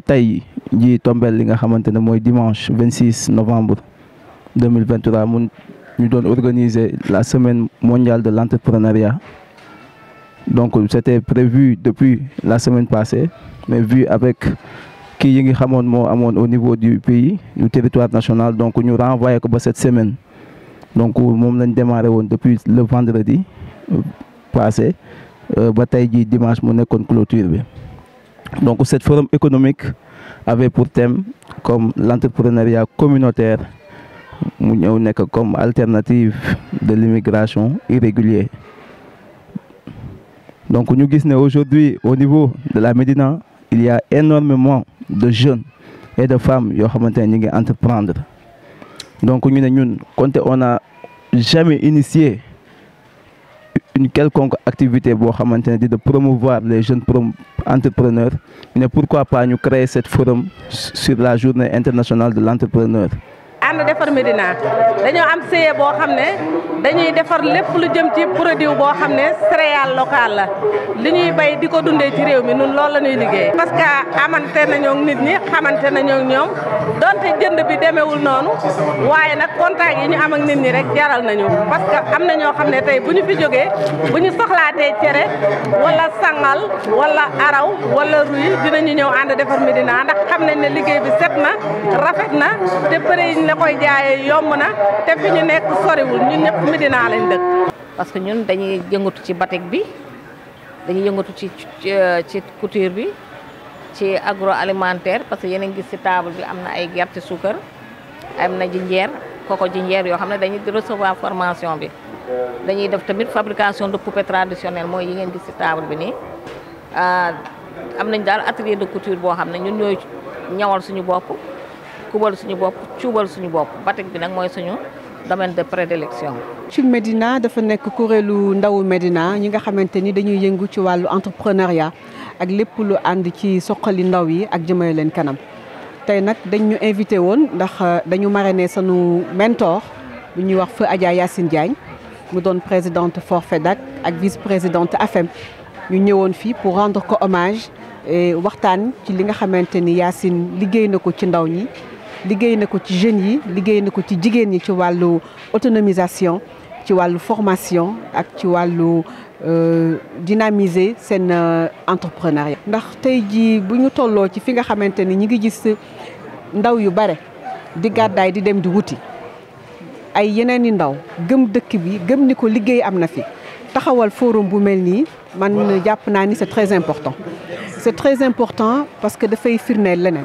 tey ji li nga dimanche 26 novembre 2023 Nous vingt la semaine mondiale de l'entrepreneuriat donc c'était prévu depuis la semaine passée mais vu avec y yi ngi au niveau du pays du territoire national donc nous renvoyé ko cette semaine donc nous démarré depuis le vendredi passé euh, Bataille tey dimanche mu nekkoon clôture donc, cette forum économique avait pour thème comme l'entrepreneuriat communautaire, comme alternative de l'immigration irrégulière. Donc, nous disons aujourd'hui, au niveau de la Médina, il y a énormément de jeunes et de femmes qui ont entreprendre. Donc, nous, on a jamais initié une quelconque activité de promouvoir les jeunes entrepreneurs mais pourquoi pas nous créer cette forum sur la journée internationale de l'entrepreneur ànd defar Médina dañoo am séyee boo xam ne dañuy defar lépp lu jëm ci produit boo xam ne céréale locale la li ñuy bay di ko dundee ci réew mi nun loolu la ñuy liggéey parce que amante nañoo nit ñi xamante nañoo ñoom donte jënd bi demeewul noonu waaye nag contact yi ñu am ak nit ñi rek jaral nañu parce am na ñoo xam ne tey bu ñu fi jógee bu ñu soxlaatee cere wala sangal wala araw wala ruy dinañu ñëw ànd defar Médina ndax xam nañ ne liggéey bi set na rafet na te pare koy jaayee yomb na te fi ñu nekk soriwul ñun ñëpp Medina lañ dëkk. parce que ñun dañuy yëngatu ci batik bi dañuy yëngatu ci ci euh, couture bi ci agro alimentaire parce que yéen a ngi gis ci table bi am na ay gerte suukar am na jinjeer koko jinjeer yoo xam ne dañuy recevoir formation bi. dañuy def tamit fabrication de poupée traditionnelle mooy yi ngeen gis ci table bi nii euh, am nañ daal atelier de couture boo xam ne ñun ñooy ñawal suñu bopp. kubal suñu bop cuubal suñu bop batik bi nak moy suñu domaine de prédilection. ci medina dafa nek kuréelu ndawu medina ñi nga xamante dañuy yëngu ci walu entrepreneuriat ak lepp lu and ci soqali ndaw yi ak jëmale leen kanam tay nak dañ ñu invité woon ndax euh, dañu maréné sunu mentor bu ñuy wax feu Adja yassine Diagne mu doon présidente Forfedac ak vice-présidente AFEM ñu ñëwoon fii pour rendre ko hommage et waxtaan ci li nga xamanteni yassine Yacine liggéey na ko ci ndaw ñi liggéey na ci jeune yi liggéey na ci jigéen yi ci walu autonomisation ci walu formation ak ci wàllu euh, dynamiser seen euh, entrepreneuriat. ndax tey jii bu ñu ci fi nga xamanteni ñi ngi gis ndaw yu bare di gaday di dem di wuti ay yeneen i ndaw gem dekk bi gem ni ko liggéey am na fi taxawal forum bu melni man japp na ni c'est très important c'est très important parce que dafay firnel leneen.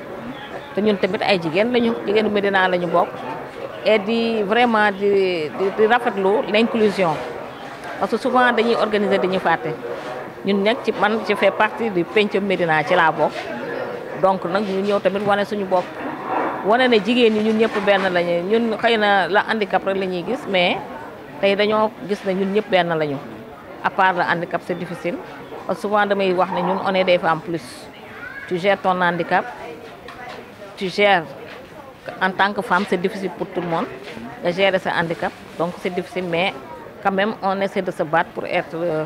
te ñun tamit ay jigéen lañu jigéenu Médina la ñu bokk et di vraiment di di rafetlu l'inclusion parce que souvent dañuy di ñu fàtte ñun nag ci man ci fait partie du pencum Médina ci la bokk donc nag ñu ñëw tamit wane suñu bopp wane ne jigéen ñi ñun ñëpp benn lañu ñun xëy na la handicap rek la ñuy gis mais tey dañoo gis ne ñun ñëpp benn lañu à part le handicap c'est difficile parce que souvent damay wax ne ñun one est des femmes plus tu gères ton handicap tu en tant que femme, c'est difficile pour tout le monde de gérer ce handicap. Donc c'est difficile, mais quand même, on essaie de se battre pour être, euh,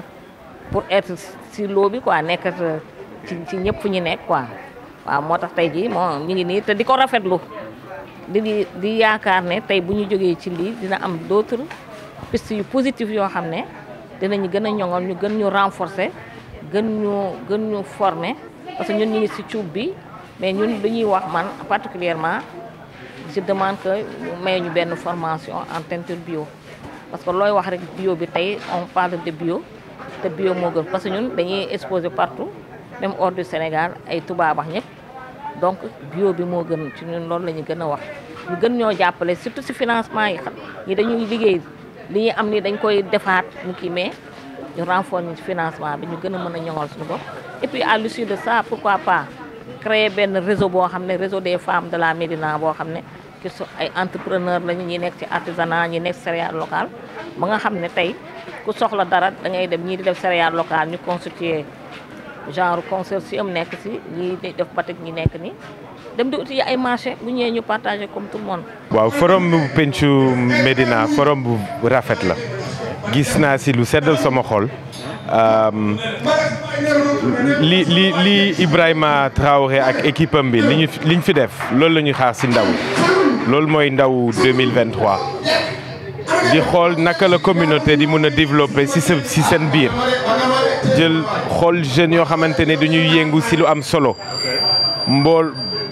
pour être sur lobby, quoi, nekk euh, ci ci ñëpp fu ñu nekk quoi. waaw moi tax tey jii moo ñu ngi nii te di ko rafetlu di di yaakaar ne tey bu ci lii dina am d'autres pistes yu positif yoo xam ne dinañu gën a ñoŋal ñu gën ñu renforcer gën ñu gën ñu former parce que ñun ñu ngi si bi. mais ñun ñuy wax man particulièrement je demande que may ñu benn formation en teinture bio parce que looy wax rek bio bi tey on parle de bio te bio moo gën parce que ñun dañuy exposé partout même hors du Sénégal ay tubaab ak ñëpp donc bio bi moo gën ci ñun loolu la ñu gën a wax ñu gën ñoo jàppale surtout si financement yi xam ñi dañuy liggéey li ñuy am ni dañ koy defaat mu kii mais ñu renforcer ñu financement bi ñu gën a mën a ñoŋal suñu bopp et puis à l'issue de ça pourquoi pas créer benn réseau boo xam ne réseau des femmes de la Médina boo xam ne ci su ay entrepreneur lañu ñi nekk ci artisanat ñi nekk céréales locales ba nga xam ne tey ku soxla dara da dem ñii di def céréales locales ñu constituer genre consortium nekk si ñii di def batik ñi nekk ni dem di uti ay marché bu ñëwee ñu partagé comme tout le monde. waaw forum bu pencu Médina forum bu rafet la. gis naa si lu seddal sama xol li li li Ibrahima Traoré ak équipe am bi li ñu fi def loolu la ñuy xaar si ndaw loolu mooy ndaw 2023 di xool naka la communauté di mën a développer si si seen biir jël xool jeunes yoo xamante ni dañuy yëngu si lu am solo mbool.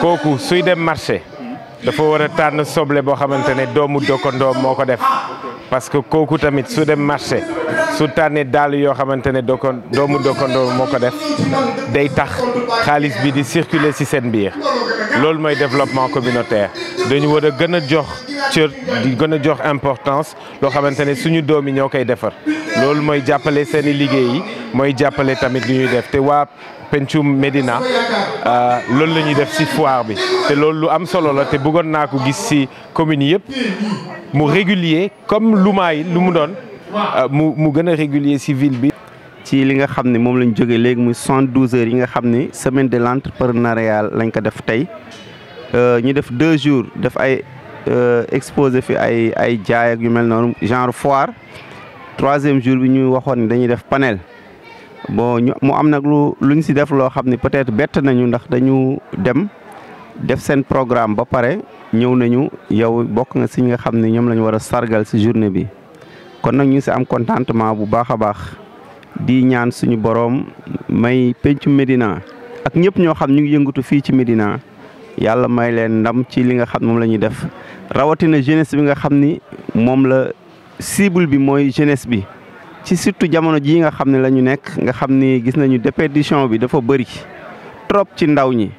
koku suy dem marché dafa wara soble doomu moko def parce que koku tamit su dem marché su tànnee dal yo doomu moko def day tax vie bi di circuler ci sen biir le développement communautaire dañu wara gëna cër gëna jox importance lo xamante suñu doomi ñokay défar koy moy loolu mooy seen liggéey moy mooy tamit li ñuy def té wa Pencum medina euh la lañuy def ci foire bi té loolu lu am solo la té bëggon na ko gis ci commune yépp mu régulier comme lumaa lu mu doon euh, mu mu gëna régulier ci ville bi. ci li nga xam mom lañu joggé légui léegi muy soixante heures yi nga xam semaine de l'entrepreneuriat lañ ko def tay euh ñu def 2 jours def ay. Euh, exposé fi ay ay jaay ak yu mel noonu genre foire troisième jour bi ñuy waxoon ne dañuy def panel bon ñu am nag lu ñu si def loo xam ne peut-être bett nañu ndax dañu dem def seen programme ba pare ñëw nañu yow bokk nga si nga xam ne ñoom la ñu war a sargal si journée bi kon nag ñu si am contentement bu baax a baax di ñaan suñu boroom may pencu Médina ak ñëpp ñoo xam ñu ngi yëngatu fii ci Médina yàlla may leen ndam ci li nga xam moom la ñuy def rawatina jeunesse bi nga xam ni moom la cible bi mooy jeunesse bi ci surtout jamono jii nga xam ne la ñu nekk nga xam ni gis nañu déperdition bi dafa bëri trop ci ndaw ñi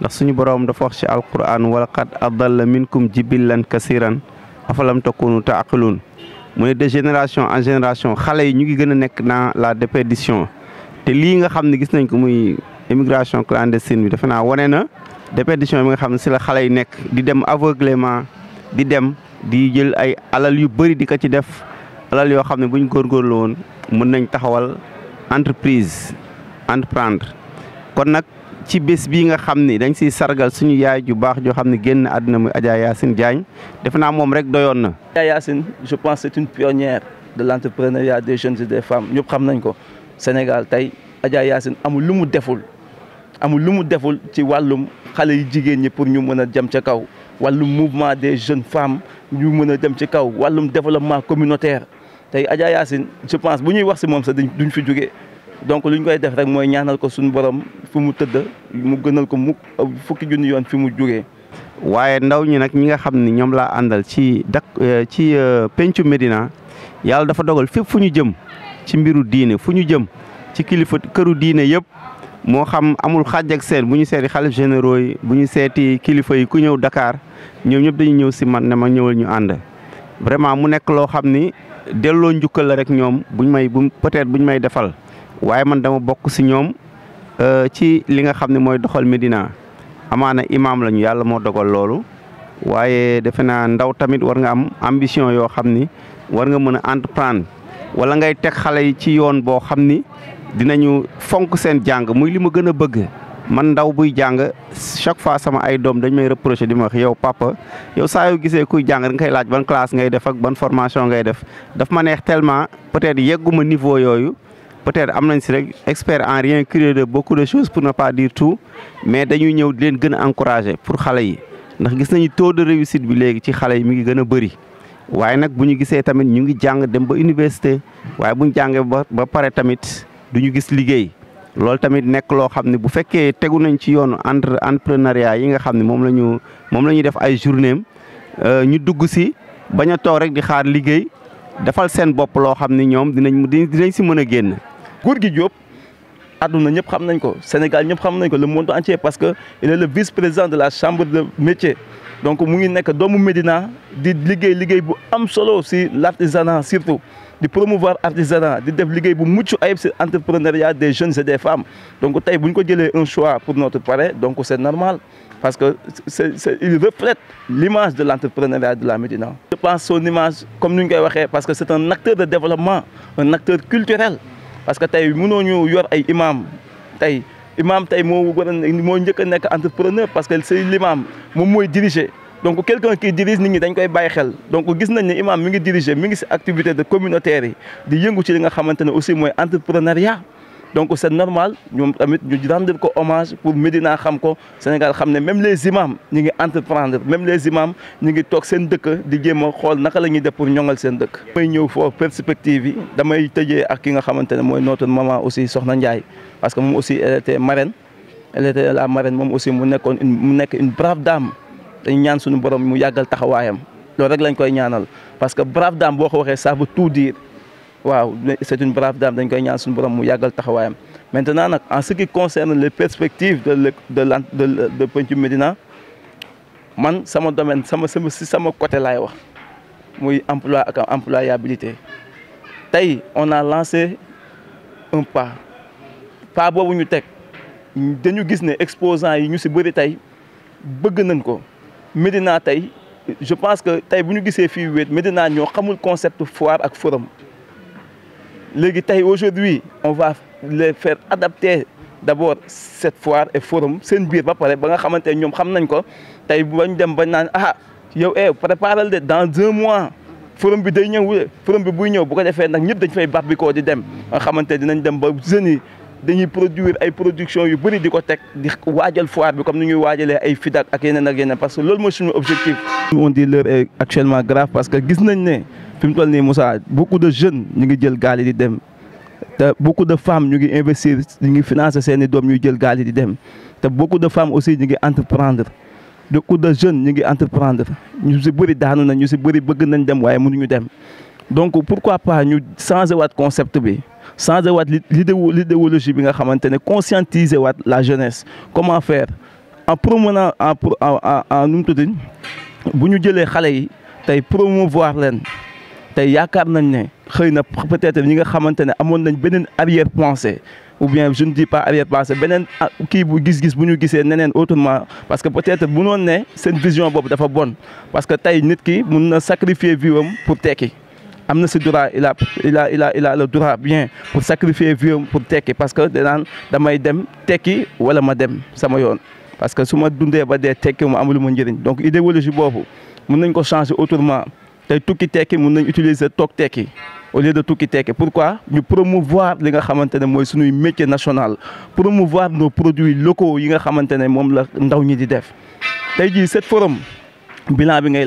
ndax suñu boroom dafa wax ci alquran walaqad adalla minkum jibillan kasiran afalam takunu taaqiluun mu ne de génération en génération xale yi ñu ngi gën a nekk dans la déperdition te lii nga xam ne gis nañ ko muy immigration clandestine bi defe naa wane na déperdition bi nga xam ne si la xale yi nekk di dem aveuglément di dem di jël ay alal yu bëri di ko ci def alal yoo xam ne bu ñu góorgóorlu woon mën nañ taxawal entreprise entreprendre kon nag ci bés bii nga xam ni dañ siy sargal suñu yaay ju baax joo xam ne génn àdduna muy Adja Yacine Diagne def naa moom rek doyoon na. Adja Yacine je pense c'est une pionnière de l'entrepreneuriat des jeunes et des femmes ñëpp xam nañ ko Sénégal tey Adja Yacine amul lu mu deful. amul lu mu deful ci wàllum xale yi jigéen ñi pour ñu mën a jëm ca kaw wàllum mouvement des jeunes femmes ñu mën a jëm ci kaw wàllum développement communautaire tey Adja Yacine je pense bu ñuy wax si moom sax duñ fi juge donc lu ñu koy def rek mooy ñaanal ko suñu borom fu mu tëdd mu gënal ko mu euh, fukki junni yoon fi mu juge waaye ndaw ñi nag ñi nga xam ni ñoom laa àndal ci dak euh, ci euh, pencu Médina yàlla dafa dogal fépp fu ñu jëm ci mbiru diine fu ñu jëm ci kilifa këru diine yëpp. moo xam amul xàjj ak seen bu ñu seeti xalif généraux yi bu ñu kilifa yi ku ñëw Dakar ñoom ñëpp dañu ñëw si man ne ma ñëwal ñu ànd vraiment mu nekk loo xam ni delloo njukkal la rek ñoom buñ may bu peut-être buñ may defal waaye man dama bokk si ñoom euh, ci li nga xam ne doxal Médina lañu dogal ndaw tamit war nga am ambition war nga entreprendre wala ngay ci yoon dinañu fonk seen jàng muy li ma gën a bëgg man ndaw buy jàng chaque fois sama ay doom dañ may reproché di ma wax yow papa yow saa yoo gisee kuy jàng da nga koy laaj ban classe ngay def ak ban formation ngay def daf ma neex tellement peut-être yegguma niveau yooyu peut-être am nañ si rek expert en rien curieux de de choses pour ne pas dire tout mais dañuy ñëw di leen gën a encourager pour xale yi ndax gis nañu taux de réussite bi léegi ci xale yi mu ngi gën a bëri waaye nag bu ñu gisee tamit ñu ngi jàng dem ba université waaye bu ñu jàngee ba ba pare tamit du ñu gis liggéey loolu tamit nekk loo xam ne bu fekkee tegu nañ ci yoonu entre entrepreneuriat yi nga xam ne moom la ñu moom la ñuy def ay journéem euh, ñu dugg si bañ a toog rek di xaar liggéey defal seen bopp loo xam ni ñoom dinañ dinañ si mën a génn. góor gi Diop àdduna ñëpp xam nañ ko Sénégal ñëpp xam nañ ko le monde entier parce que il est le vice président de la chambre de métier. donc mu ngi nekk doomu Médina di liggéey liggéey bu am solo si l'artisanat surtout. de promouvoir artisanat de développer beaucoup bu des jeunes et des femmes donc si on un choix pour notre palais, donc c'est normal parce qu'il reflète l'image de l'entrepreneuriat de la Médina je pense son image comme nous parce que c'est un acteur de développement un acteur culturel parce que si on ñu yor imam l'imam imam entrepreneur parce que c'est l'imam qui est donc quelqu'un qui dirige nit ñi dañ koy bàyyi xel donc gis nañ ne imam mi ngi diriger mi activité de communautaire yi di yëngu ci li nga xamante ne aussi mooy entrepreneuriat donc c'est normal ñoom tamit ñu rendre ko hommage pour Médina xam ko Sénégal xam ne même les imams ñu ngi entreprendre même les imams ñu ngi toog seen dëkk di jéem a xool naka la ñuy def pour ñoŋal seen dëkk. damay ñëw foofu perspective yi damay tëjee ak ki nga xamante ne mooy notre maman aussi Sohna Ndiaye parce que moom aussi elle était marraine elle était la marraine moom aussi mu nekkoon une nekk une brave dame dañ ñaan suñu borom mu yagal taxawayam loolu rek lañ koy ñaanal parce que brave dame boo ko ça veut tout dire waaw c'est une brave dame dañ koy ñaan suñu borom mu yagal taxawayam maintenant nak en ce qui concerne les perspectives de l de l de de Pencum Médina man sama domaine sama sama si sama côté lay wax muy emploi ak employabilité tay on a lancé un pas pas boobu ñu tek dañu gis né exposants yi ñu ci bëri tay bëgg nañ ko Medina Tay, je pense que tey qui s'est fait. fii Medina Médina ñoo xamul concept foire ak forum léegi tey aujourd'hui on va les faire adapter d'abord cette foire et forum seen biir ba pare ba nga xamante ñoom xam nañ ko tey bañ dem bañ naan ah yow eh préparal de dans deux mois forum bi day ñew forum bi buy ñew bu ko defee nak ñëpp dañ fay baax bi ko di dem nga xamante dinañ dem ba jeunes dañuy produire ay production yu bëri di ko teg di waajal foire bi comme ni ñuy waajale ay FIDAK ak yeneen ak yeneen parce que loolu mooy suñu objectif. on dit l'heure est actuellement grave parce que gis nañ ne fi mu toll ni Moussa beaucoup de jeunes ñu ngi jël gaal di dem te beaucoup de femmes ñu ngi investir ñu ngi financer seen i doom jël gaal yi di dem te beaucoup de femmes aussi ñu ngi entreprendre beaucoup de jeunes ñu ngi entreprendre ñu si bëri daanu na ñu si bëri bëgg nañ dem waaye mënuñu dem donc pourquoi pas ñu changer waat concept bi. changer waat l'idéologie bi nga xamante conscientiser waat la jeunesse comment faire en promenant en en en nu mu tudd bu ñu jëlee xale yi tey promouvoir leen tey yaakaar nañ ne xëy peut-être ñi nga xamantene amon nañ benen arrière-pensée ou bien je ne dis pas arrière-pensée benen ah, ki bu gis-gis bu ñu gisee neneen autrement parce que peut-être bu noon ne seen vision boobu dafa bonne parce que tay nit ki mun na sacrifier vie pour tekki am na droit il a il a il a il a le droit bien pour sacrifier vie pour teki parce que dans damay dem teki wala ma dem sama yoon parce que su ma dundee ba dee teki mu amul ma njëriñ donc idéologie boobu mun nañ ko changer autrement tey tukki teki mun nañ utiliser tout teki au lieu de tukki teki pourquoi ñu promouvoir li nga xamante ne mooy suñuy métier national promouvoir nos produits locaux yi nga xamante ne moom la ndaw ñi di def cette forum bilan bi ngay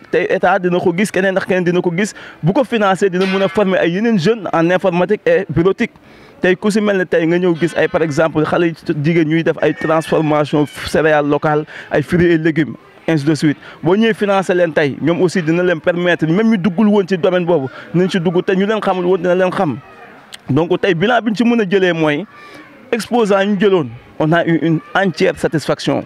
tey état dina ko gis keneen ndax keneen dina ko gis bu ko financé dina mun a former ay yeneen jeunes en informatique et bureautique tey ku si mel ne tey nga ñëw gis ay par exemple xale jigéen ñuy def ay transformation céréales locales ay fruits et légumes ainsi de suite boo ñëwee financé leen tey ñoom aussi dina leen permettre même ñu duggul woon ci domaine boobu nañ ci dugg te ñu leen xamul woon dina leen xam donc tey bilan bi ñu ci mën a jëlee exposant ñu jëloon on a eu une entière satisfaction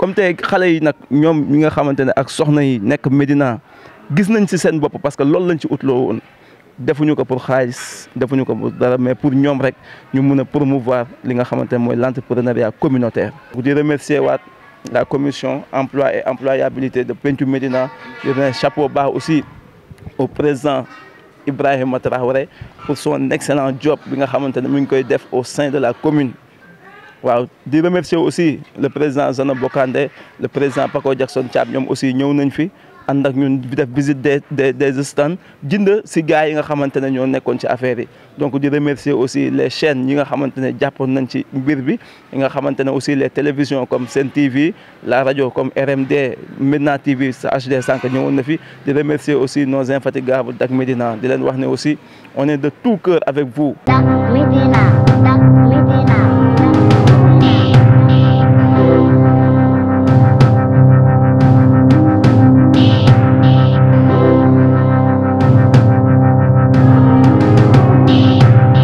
comme tey xalé yi nag ñoom ñi nga xamantene ak soxna yi nek medina gis nañ ci sen bop parce que loolu lañ ci outlo woon defuñu ko pour xaalis defuñu ko dara mais pour ñom rek ñu mëna promouvoir li nga xamantene moy l'entrepreneuriat communautaire. di remercier waat la commission emploi et employabilité de Medina, et un chapeau bas aussi au président Ibrahim Traoré pour son excellent job bi nga xamantene mu ngi koy def au sein de la commune waaw remercie aussi le président Zana Bokande le président Paco Jackson chap qui aussi ñëw nañ fi ànd ak ñun def visite des des des stands jënd si gars yi nga xamante ñoo affaire donc di remercier aussi les chaînes qui nga xamante ne jàppoon nañ ci mbir bi aussi les télévisions comme CNTV, TV la radio comme RMD Medina TV HD sànq ñëwoon na fi di aussi nos infatigables Dak Medina, di leen aussi on est de tout cœur avec vous. Dak Medina.